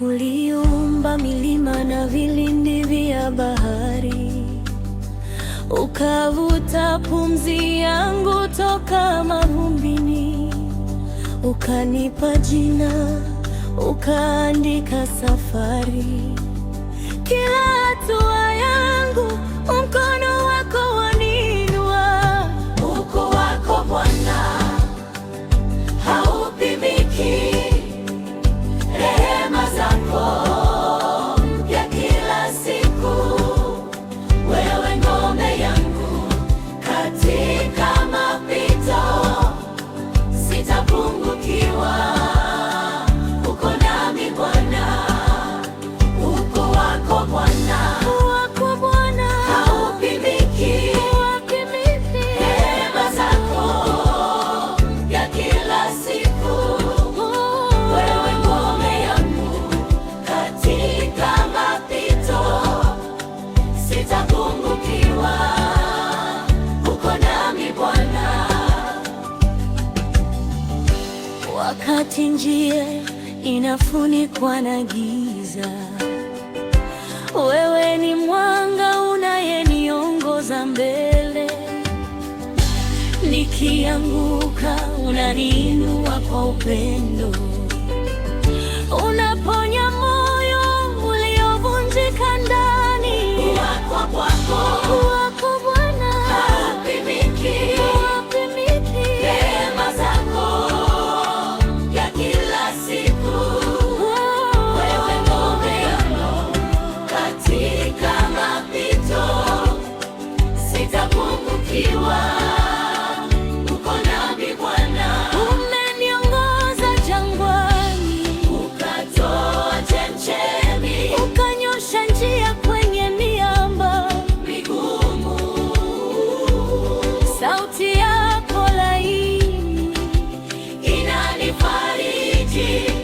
Uliumba milima na vilindi vya bahari, ukavuta pumzi yangu toka mavumbini, ukanipa jina, ukaandika safari, kila hatua yangu wakati njia inafunikwa na giza, wewe ni mwanga unayeniongoza mbele. Nikianguka unaniinua kwa upendo unapo umebarikiwa, uko nami Bwana, umeniongoza jangwani, ukatoa chemchemi, ukanyosha njia kwenye miamba migumu, sauti yako laini inanifariji